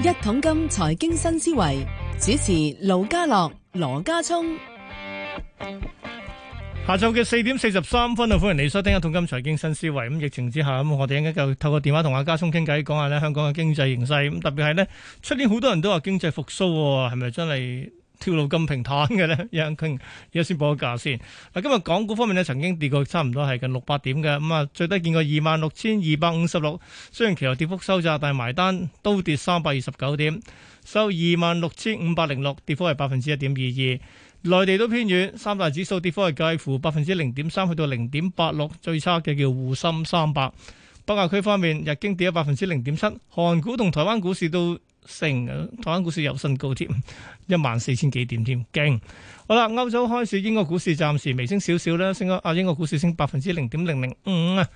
一桶金財經新思維主持盧家樂、羅家聰，下晝嘅四點四十三分啊！歡迎你收聽一桶金財經新思維。咁疫情之下，咁我哋應該就透過電話同阿家聰傾偈，講下咧香港嘅經濟形勢。咁特別係咧，出年好多人都話經濟復蘇，係咪真係？跳路咁平坦嘅呢，有傾，而家先報下價先。嗱，今日港股方面咧，曾經跌過差唔多係近六百點嘅，咁啊，最低見過二萬六千二百五十六。雖然期油跌幅收窄，但係埋單都跌三百二十九點，收二萬六千五百零六，跌幅係百分之一點二二。內地都偏軟，三大指數跌幅係介乎百分之零點三去到零點八六，86，最差嘅叫滬深三百。北亞區方面，日經跌咗百分之零點七，韓股同台灣股市都。升啊！台灣股市又新高添，一萬四千幾點添，勁！好啦，歐洲開市。英國股市暫時微升少少啦，升咗啊！英國股市升百分之零點零零五啊！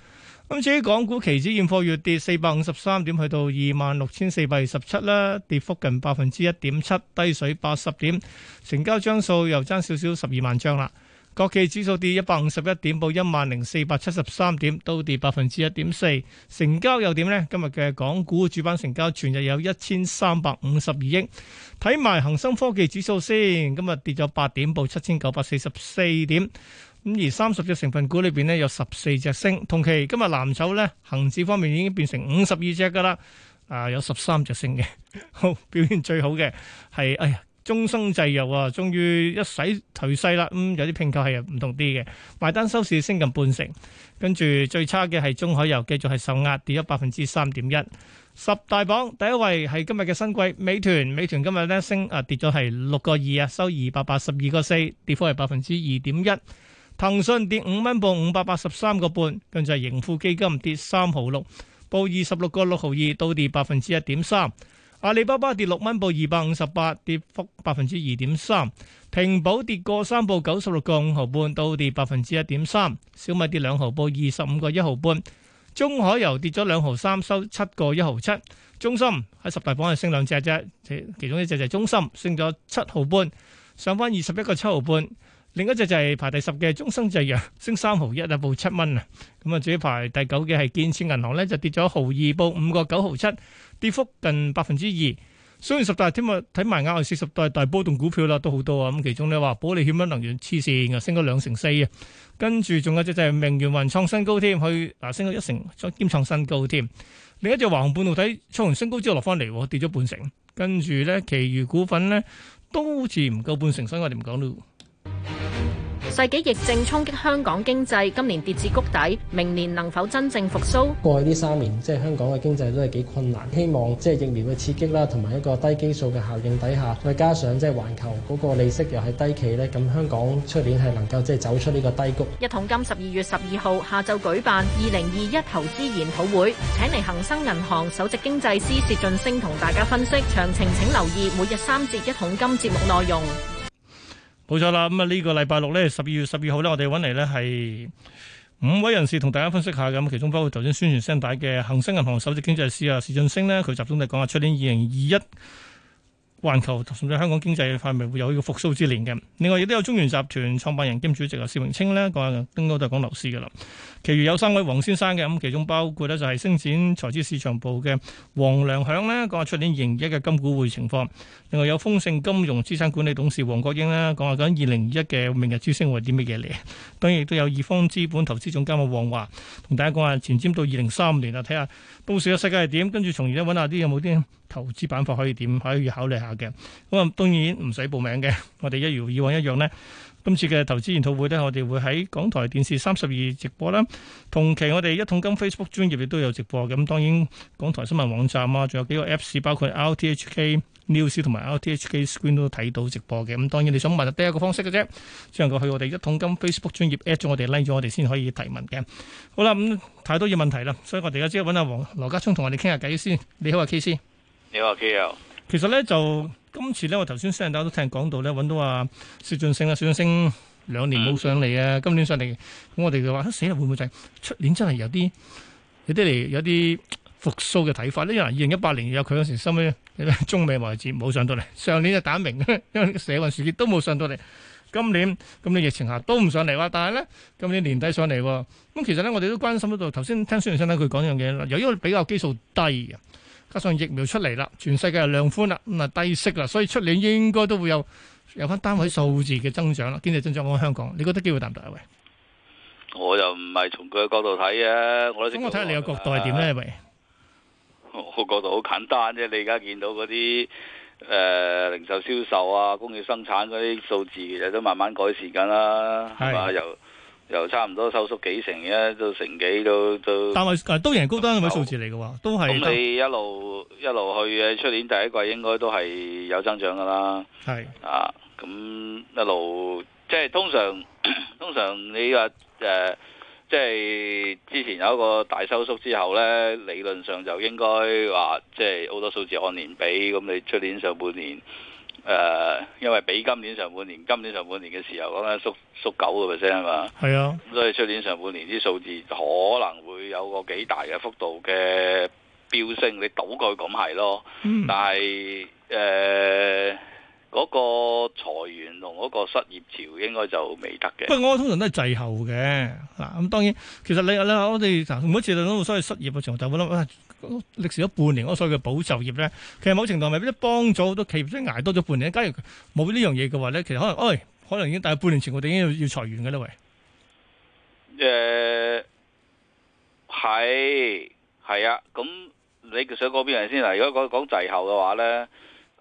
咁至於港股期指現貨，月跌四百五十三點，去到二萬六千四百二十七啦，跌幅近百分之一點七，低水八十點，成交張數又增少少十二萬張啦。國企指數跌一百五十一點，報一萬零四百七十三點，都跌百分之一點四。成交又點呢？今日嘅港股主板成交全日有一千三百五十二億。睇埋恒生科技指數先，今日跌咗八點，報七千九百四十四點。咁而三十隻成分股裏邊呢，有十四隻升。同期今日藍籌呢，恒指方面已經變成五十二隻噶啦，啊有十三隻升嘅。 好，表現最好嘅係，哎呀。中生製藥啊，終於一洗頹勢啦。咁、嗯、有啲拼購係唔同啲嘅，埋單收市升近半成。跟住最差嘅係中海油，繼續係受壓跌咗百分之三點一。十大榜第一位係今日嘅新貴，美團，美團今日咧升啊跌咗係六個二啊，收二百八十二個四，跌幅係百分之二點一。騰訊跌五蚊，報五百八十三個半。跟住係盈富基金跌三毫六，報二十六個六毫二，倒跌百分之一點三。阿里巴巴跌六蚊，報二百五十八，跌幅百分之二點三。平保跌過三，報九十六個五毫半，倒跌百分之一點三。小米跌兩毫，報二十五個一毫半。中海油跌咗兩毫三，收七個一毫七。中心喺十大榜係升兩隻啫，其其中一隻就係中心，升咗七毫半，上返二十一個七毫半。另一隻就係排第十嘅中生製藥升三毫一啊，報七蚊啊。咁啊，至於排第九嘅係建設銀行咧，就跌咗毫二，報五個九毫七，跌幅近百分之二。雖然十大聽日睇埋亞市四十大波動股票啦，都好多啊。咁其中咧話，保利險能能源黐線啊，升咗兩成四啊。跟住仲有隻就係明源雲創新高添，去嗱升咗一成再兼創新高添。另一隻華鴻半導體創完新高之後落翻嚟，跌咗半成。跟住咧，其餘股份咧都好似唔夠半成，所以我哋唔講咯。世紀疫症衝擊香港經濟今年跌至谷底明年能否真正復蘇過去呢三年即係香港嘅經濟都係幾困難希望即係疫苗嘅刺激同埋一個低基數嘅效應底下再加上即係環球嗰個利息又係低企呢噉香港出年係能夠走出呢個低谷一桶金十二月十二號下晝舉辦二零二一投資研討會請嚟恒生銀行首席經濟師薛俊升同大家分析詳情請留意每日三節一桶金節目內容冇錯啦，咁啊呢個禮拜六呢，十二月十二號呢，我哋揾嚟呢係五位人士同大家分析下咁，其中包括頭先宣傳聲帶嘅恒生銀行首席經濟師啊，史俊升呢，佢集中地講啊，出年二零二一，環球甚至香港經濟嘅範圍會有呢個復甦之年嘅。另外亦都有中原集團創辦人兼主席啊，施永青咧，講下，應該都係講樓市嘅啦。其餘有三位黃先生嘅，咁其中包括咧，就係星展財資市場部嘅黃良響咧，講下出年營一嘅金股匯情況。另外有豐盛金融資產管理董事黃國英啦，講下緊二零二一嘅明日之星會啲咩嘢嚟。當然亦都有易方資本投資總監嘅黃華同大家講下前瞻到二零三五年啊睇下。看看到時個世界係點？跟住從而咧揾下啲有冇啲投資辦法可以點，可以考慮下嘅。咁、嗯、啊，當然唔使報名嘅。我哋一如以往一樣咧。今次嘅投資研討會呢，我哋會喺港台電視三十二直播啦。同期我哋一桶金 Facebook 專頁亦都有直播嘅。咁當然港台新聞網站啊，仲有幾個 Apps，包括 RTHK News 同埋 RTHK Screen 都睇到直播嘅。咁當然你想問就第一個方式嘅啫，只能夠去我哋一桶金 Facebook 專頁 at 咗我哋，like 咗我哋先可以提問嘅。好啦，咁太多嘢問題啦，所以我哋而家即刻揾阿黃羅家聰同我哋傾下偈先。你好啊，KC。你好啊，KL。其實呢就。今次咧，我頭先 Sunday 大家都聽講到咧，揾到話薛進升啊，薛進升兩年冇上嚟啊，今年上嚟，咁我哋就話，啊，死啦，會唔會就係、是、出年真係有啲有啲嚟有啲復甦嘅睇法咧？因為二零一八年有佢嗰時，收尾 中美貿易戰冇上到嚟，上年就打明， 因為社運事件都冇上到嚟，今年咁你疫情下都唔上嚟啦、啊。但係咧，今年年底上嚟喎、啊，咁其實咧，我哋都關心到。頭先聽薛進升咧，佢講樣嘢啦，由於比較基數低啊。加上疫苗出嚟啦，全世界又量寬啦，咁、嗯、啊低息啦，所以出年應該都會有有返單位數字嘅增長啦。經濟增長喺香港，你覺得機會大唔大啊？喂，我又唔係從佢嘅角度睇嘅、啊，我睇下你嘅角度係點咧？喂，我角度好簡單啫，你而家見到嗰啲誒零售銷售啊、工業生產嗰啲數字，其實都慢慢改善緊、啊、啦，係嘛又。又差唔多收縮幾成嘅，到成幾到到，都都但係都贏高單嘅數字嚟嘅喎，都係。咁你一路一路去誒，出年第一季應該都係有增長嘅啦。係是啊，咁一路即係通常通常你話誒、呃，即係之前有一個大收縮之後咧，理論上就應該話即係好多數字按年比，咁你出年上半年誒、呃，因為比今年上半年，今年上半年嘅時候講緊縮。縮九個 percent 啊嘛，係啊，咁所以出年上半年啲數字可能會有個幾大嘅幅度嘅飆升，你倒過去咁係咯，嗯、但係誒嗰個裁員同嗰個失業潮應該就未得嘅。不過我通常都係滯後嘅，嗱、啊、咁、嗯、當然，其實你你、啊、我哋每一次都都所謂失業嘅情況就會諗，誒、啊，歷時咗半年嗰、那個、所謂嘅保就業咧，其實某程度未必都幫咗好多企業即係挨多咗半年？假如冇呢樣嘢嘅話咧，其實可能，哎。可能已經大半年前，我哋已經要要裁員嘅啦。喂，誒係係啊，咁你想講邊樣先啊？如果講講滯後嘅話咧，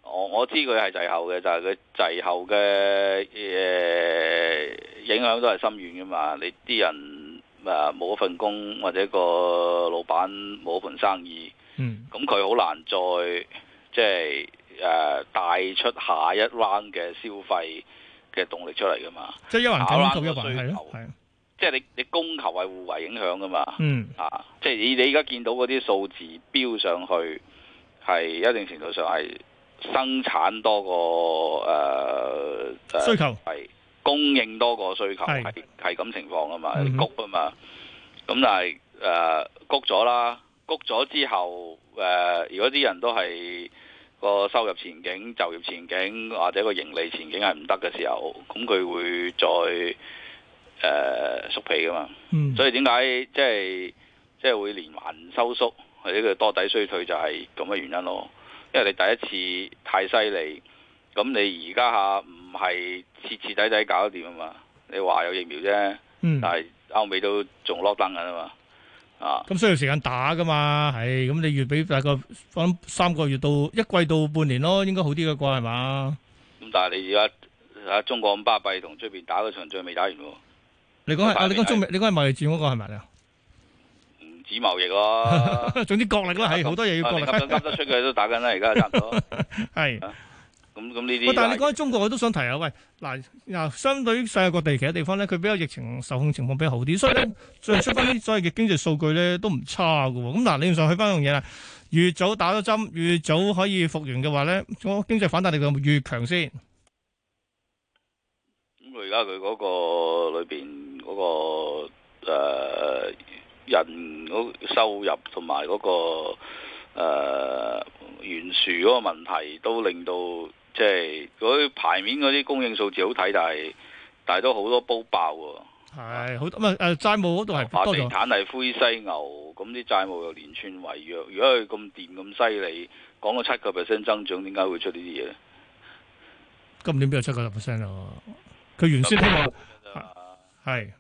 我我知佢係滯後嘅，就係、是、佢滯後嘅誒、呃、影響都係深遠嘅嘛。你啲人啊冇一份工，或者個老闆冇一份生意，嗯，咁佢好難再即係誒帶出下一 round 嘅消費。嘅動力出嚟噶嘛，即係有人減到需求，係咯，即係你你供求係互為影響噶嘛，嗯啊，即係你你而家見到嗰啲數字飆上去，係一定程度上係生產多個誒、呃、需求，係供應多個需求，係係咁情況噶嘛，谷啊、嗯嗯、嘛，咁但係誒谷咗啦，谷咗之後誒、呃，如果啲人都係。個收入前景、就業前景或者個盈利前景係唔得嘅時候，咁佢會再誒縮皮噶嘛？嗯、所以點解即係即係會連環收縮，或者佢多底衰退就係咁嘅原因咯？因為你第一次太犀利，咁你而家下唔係徹徹底底搞得掂啊嘛？你話有疫苗啫，嗯、但係歐美都仲落燈緊啊嘛？啊！咁、嗯嗯、需要時間打㗎嘛？係咁，你預備大概返三個月到一季到半年咯，應該好啲嘅啩，係嘛？咁、嗯、但係你而家啊，中國咁巴閉，同出邊打嗰場仗未打，打完。你講係啊？你講中美，你講係貿易戰嗰、那個係咪、嗯、啊？唔止貿易戰，總之國力啦、啊，係好在是多嘢要過、啊。你咁夾得出嘅都打緊啦，而家差唔多。係 是。 喂、嗯，但係你講起中國，我都想提下。喂，嗱，嗱，相對於世界各地其他地方咧，佢比較疫情受控情況比較好啲，所以咧，最近出翻啲所謂嘅經濟數據咧都唔差㗎喎。咁、嗯、嗱，你仲上去翻一樣嘢啦，越早打咗針，越早可以復原嘅話咧，個經濟反彈力量越強先。咁佢而家佢嗰個裏邊嗰個、呃、人收入同埋嗰個誒、呃、懸殊嗰個問題都令到。即係嗰啲牌面嗰啲供應數字好睇，但係但係都好多煲爆喎。係是，好唔係誒？債務嗰度係多到，地產係灰犀牛，咁啲債務又連串違約。如果佢咁掂咁犀利，講到七個 percent 增長，點解會出呢啲嘢？今年邊有七個 percent 啊？佢原先聽話係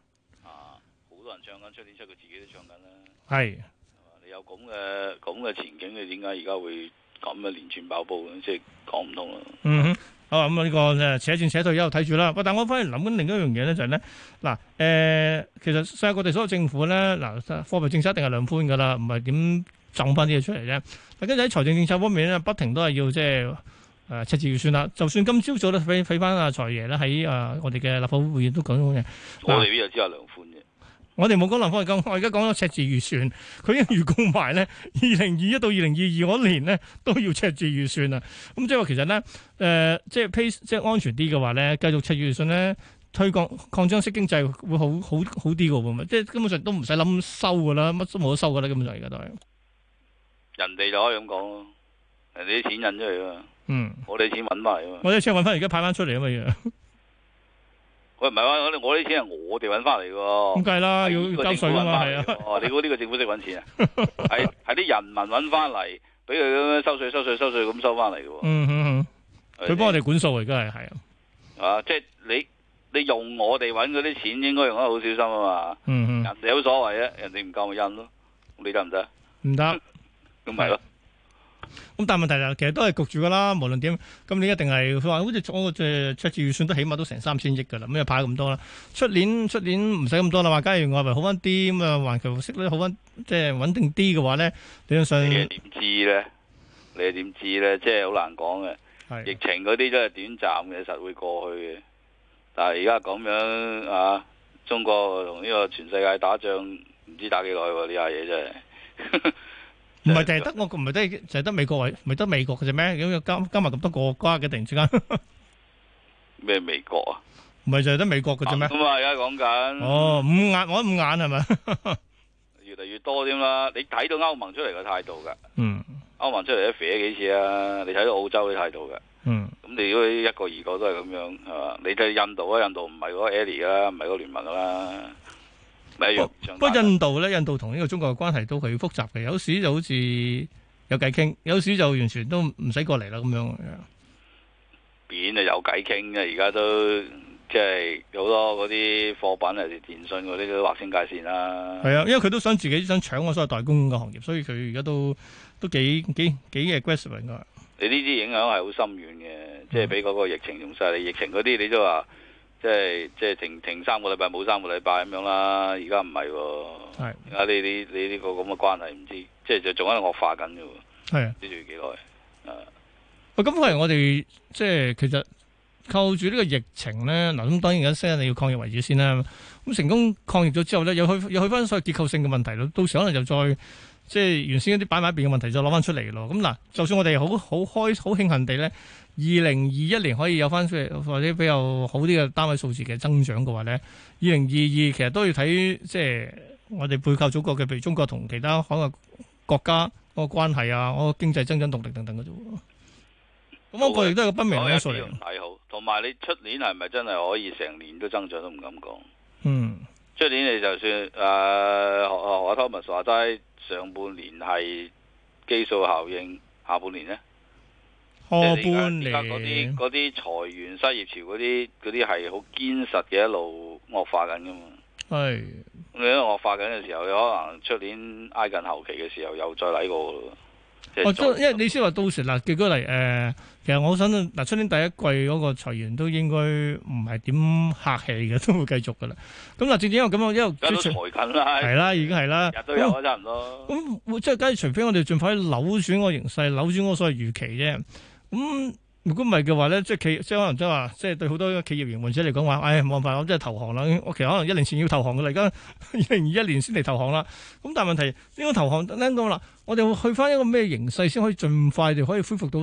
啊，好、啊、多人唱緊，出年出佢自己都唱緊啦。係是、啊，你有咁嘅咁嘅前景，你點解而家會？咁啊，連串爆煲咁，即係講唔通咯。嗯哼，好啊，咁啊呢個誒，扯轉扯退一路睇住啦。但我反而諗緊另一樣嘢咧，就係、是、咧，嗱誒、呃，其實世界各地所有政府咧，嗱，貨幣政策一定係量寬噶啦，唔係點撞翻啲嘢出嚟啫。大家就喺財政政策方面咧，不停都係要即係誒，赤字預算啦。就算今朝早都俾俾翻阿財爺咧，喺誒、呃、我哋嘅立法會議員都講嘅，我哋呢就只有量寬嘅。啊我哋冇講南方嘅咁，我而家講咗赤字預算，佢已經預估埋咧，二零二一到二零二二嗰年咧都要赤字預算啊。咁、嗯、即係話其實咧，誒、呃，即係 pace，即係安全啲嘅話咧，繼續赤字預算咧，推廣擴張式經濟會好好好啲嘅喎，咁即係根本上都唔使諗收嘅啦，乜都冇得收嘅啦，根本上而家都係。人哋就可以咁講咯，人哋啲錢引出嚟啊。嗯，我哋啲錢揾埋啊嘛，我哋先揾翻而家派翻出嚟啊嘛而家 喂，唔係喎，我啲錢係我哋揾翻嚟嘅，咁計啦，要收稅揾翻嚟啊！你估呢個政府識揾錢啊？係係啲人民揾翻嚟，俾佢收稅收稅收稅咁收翻嚟嘅。佢幫我哋管數而家係係啊！啊，即係你你用我哋揾嗰啲錢，應該用得好小心啊嘛。嗯嗯，人哋有所謂啊？人哋唔夠咪印咯，你得唔得？唔得行，咁咪咯。咁但係問題就，其實都係焗住噶啦，無論點，咁你一定係佢話好似做嗰個即係赤字預算都起碼都成三千億噶啦，咁又派咁多啦。出年出年唔使咁多啦，話假如外圍好翻啲咁啊，環球息率好翻，即係穩定啲嘅話咧，你又想你點知咧？你又點知咧？即係好難講嘅。的疫情嗰啲都係短暫嘅，實會過去嘅。但係而家咁樣啊，中國同呢個全世界打仗，唔知打幾耐喎？呢下嘢真係。 唔係淨係得我，唔係得淨係得美國喎，唔係得美國嘅啫咩？咁加加埋咁多國家嘅，突然之間咩美國啊？唔係淨係得美國嘅啫咩？咁啊，而家講緊哦，五眼，我諗五眼係咪？越嚟越多添啦，你睇到歐盟出嚟嘅態度嘅。嗯，歐盟出嚟都肥咗幾次啊！你睇到澳洲嘅態度嘅。嗯，咁你如果一個二個都係咁樣係嘛？你睇印度啊，印度唔係嗰個阿里啦，唔係嗰個聯盟啦。不過印度咧，印度同呢個中國嘅關係都係要複雜嘅，有時就好似有偈傾，有時就完全都唔使過嚟啦咁樣。變係有偈傾嘅，而家都即係好多嗰啲貨品啊、電信嗰啲都劃清界線啦、啊。係啊，因為佢都想自己想搶我所謂代工嘅行業，所以佢而家都都幾幾幾嘅 aggressive 噶。你呢啲影響係好深遠嘅，即係俾嗰個疫情用晒，你、嗯、疫情嗰啲你都話。即係即係停停三個禮拜冇三個禮拜咁樣啦，而家唔係喎。係啊，你你你呢個咁嘅關係唔知，即係就仲喺度惡化緊啫喎。係。呢仲要幾耐？啊！哇！咁反而我哋即係其實靠住呢個疫情咧，嗱咁當然而家先你要抗疫為主先啦。咁成功抗疫咗之後咧，又去又去翻所有結構性嘅問題咯。到時可能就再即係原先擺一啲擺埋一邊嘅問題就，再攞翻出嚟咯。咁嗱，就算我哋好好開好慶幸地咧。二零二一年可以有翻或者比較好啲嘅單位數字嘅增長嘅話咧，二零二二其實都要睇即係我哋背靠祖國嘅，譬如中國同其他海外國家個關係啊，個經濟增長動力等等嘅啫。咁我個亦都係個不明因素嚟。睇好，同埋你出年係咪真係可以成年都增長都唔敢講？嗯，出年你就算誒何 Thomas 話齋上半年係基數效應，下半年咧？即係而家嗰啲嗰啲裁員失業潮，嗰啲嗰啲係好堅實嘅一路惡化緊噶嘛？係你喺惡化緊嘅時候，有可能出年挨近後期嘅時候又再嚟過噶咯。我、就、因、是哦、因為你先話到時啦，結果嚟誒，其實我好想嗱，出年第一季嗰個裁員都應該唔係點客氣嘅，都會繼續噶啦。咁嗱，正正因為咁樣，因為有啲財緊啦，係啦、哎，已經係啦，日都有可能咯。咁、嗯嗯、即係，假如除非我哋盡快扭轉個形勢，扭轉嗰個所謂預期啫。咁、嗯、如果唔係嘅話咧，即係企，即係可能即係話，即係對好多企業營運者嚟講話，唉，冇辦法，我即係投降啦。我其實可能一年前要投降嘅啦，而家二零二一年先嚟投降啦。咁但係問題呢個投降聽講啦，我哋去翻一個咩形勢先可以盡快就可以恢復到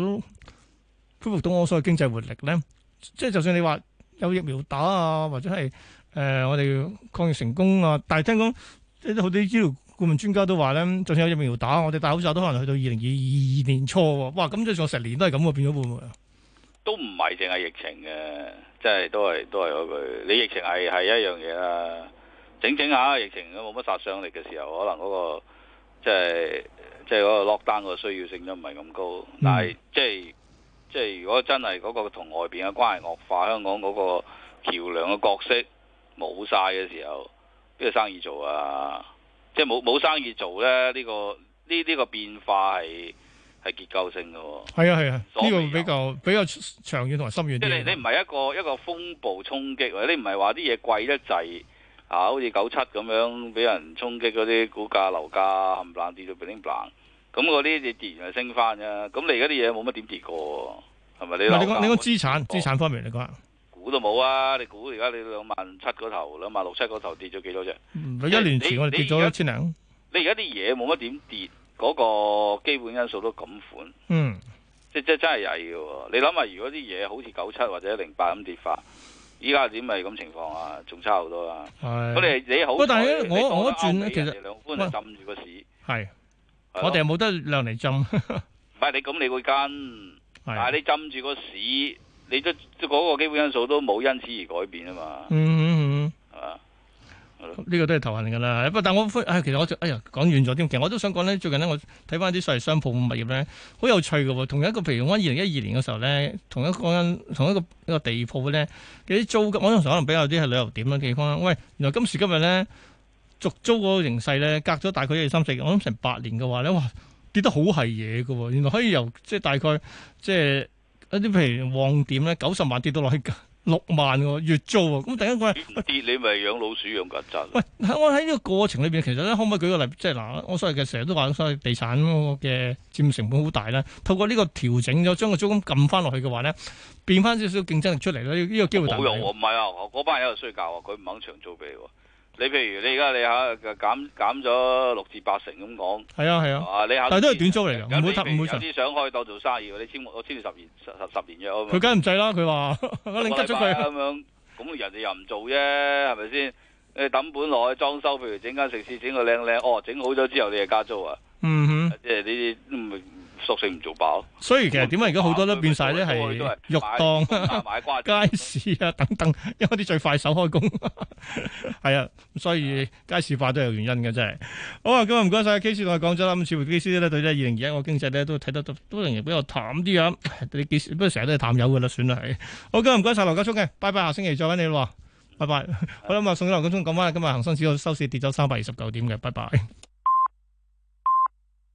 恢復到我所謂經濟活力咧？即係就算你話有疫苗打啊，或者係誒、呃、我哋抗疫成功啊，但係聽講即係好多醫療。顧問專家都話咧，就算有疫苗打，我哋戴口罩都可能去到二零二二年初喎。哇！咁即係仲有成年都係咁喎，變咗會唔會啊？都唔係淨係疫情嘅，即係都係都係嗰句。你疫情係係一樣嘢啦。整整下疫情都冇乜殺傷力嘅時候，可能嗰、嗰個即係即係嗰個 lockdown 個需要性都唔係咁高。嗯、但係即係即係如果真係嗰個同外邊嘅關係惡化，香港嗰個橋梁嘅角色冇晒嘅時候，邊個生意做啊？即係冇冇生意做咧？呢、這個呢呢、這個變化係係結構性噶。係啊係啊，呢個比較比較長遠同埋深遠。即係你你唔係一個一個風暴衝擊，你唔係話啲嘢貴得滯啊，好似九七咁樣俾人衝擊嗰啲股價、樓價冚唪唥跌到 bling bling 咁嗰啲你自然係升翻噶。咁你而家啲嘢冇乜點跌過，係咪你？唔係你講資產資產方面嚟講。估到冇啊！你估而家你兩萬七嗰頭，兩萬六七嗰頭跌咗幾多隻？嗯即，一年前我哋跌咗一千零。1，你而家啲嘢冇乜點跌，嗰、嗰個基本因素都咁款。嗯，即即真係曳嘅。你諗下，如果啲嘢好似九七或者零八咁跌法，依家點咪咁情況啊？仲差好多啊！咁的你你好，我我轉咧，其實量寬浸住個市。係的，我哋冇得量寬嚟浸，唔係 你咁你會跟，但係你浸住個市。你都嗰、那個基本因素都冇因此而改變啊嘛，嗯嗯嗯，係嘛？呢個都係頭痕㗎啦。不過，但我其實我哎呀講遠咗添。其實我都想講咧，最近咧，我睇翻啲所謂商鋪物業咧，好有趣嘅喎。同一個譬如我二零一二年嘅時候咧，同一間同一個同一個地鋪咧，啲租我嗰陣時可能比較啲係旅遊點嘅地方啦。喂，原來今時今日咧，續租嗰個形勢咧，隔咗大概一二三四，我諗成八年嘅話咧，哇，跌得好係嘢嘅喎。原來可以由即係大概即係。有啲譬如旺點咧，九十萬跌到落去六萬喎，月租啊！咁第一個跌喂你咪養老鼠養曱甴。喂，我喺呢個過程裏邊，其實咧可唔可以舉個例？即係嗱、呃，我所謂嘅成日都話，所謂地產嘅佔成本好大咧，透過呢個調整咗，將個租金撳翻落去嘅話咧，變翻少少競爭力出嚟咧，呢、這個機會大。冇用，唔係啊！嗰班人又衰教啊，佢唔肯長租俾。我你譬如你而家你嚇減減咗六至八成咁講，係啊係啊，啊你但係都係短租嚟嘅，唔會突唔想可以當做生意，你簽我簽咗十年十十十年約，佢梗唔制啦，佢話我令急咗佢咁樣，咁人哋又唔做啫，係咪先？你等本落去裝修，譬如整間食肆，整個靚靚，哦，整好咗之後你又加租啊？嗯哼，即係你唔明。嗯屬性唔做飽，所以其實點解而家好多都變晒咧係肉檔、 街市啊等等，因為啲最快手開工，係 啊，所以街市化都有原因嘅真係。好啊，今日唔該曬機師同我講咗啦。咁似乎機師咧對咧二零二一個經濟咧都睇得都都仍然比較淡啲啊。你機不過成日都係淡友㗎啦，算啦係。好嘅，今日唔該晒羅家聰嘅，拜拜。下星期再揾你咯，拜拜。嗯、好啦，咁、嗯、啊，送咗羅家聰講翻啦。今日恒生指數收市跌咗三百二十九點嘅，拜拜。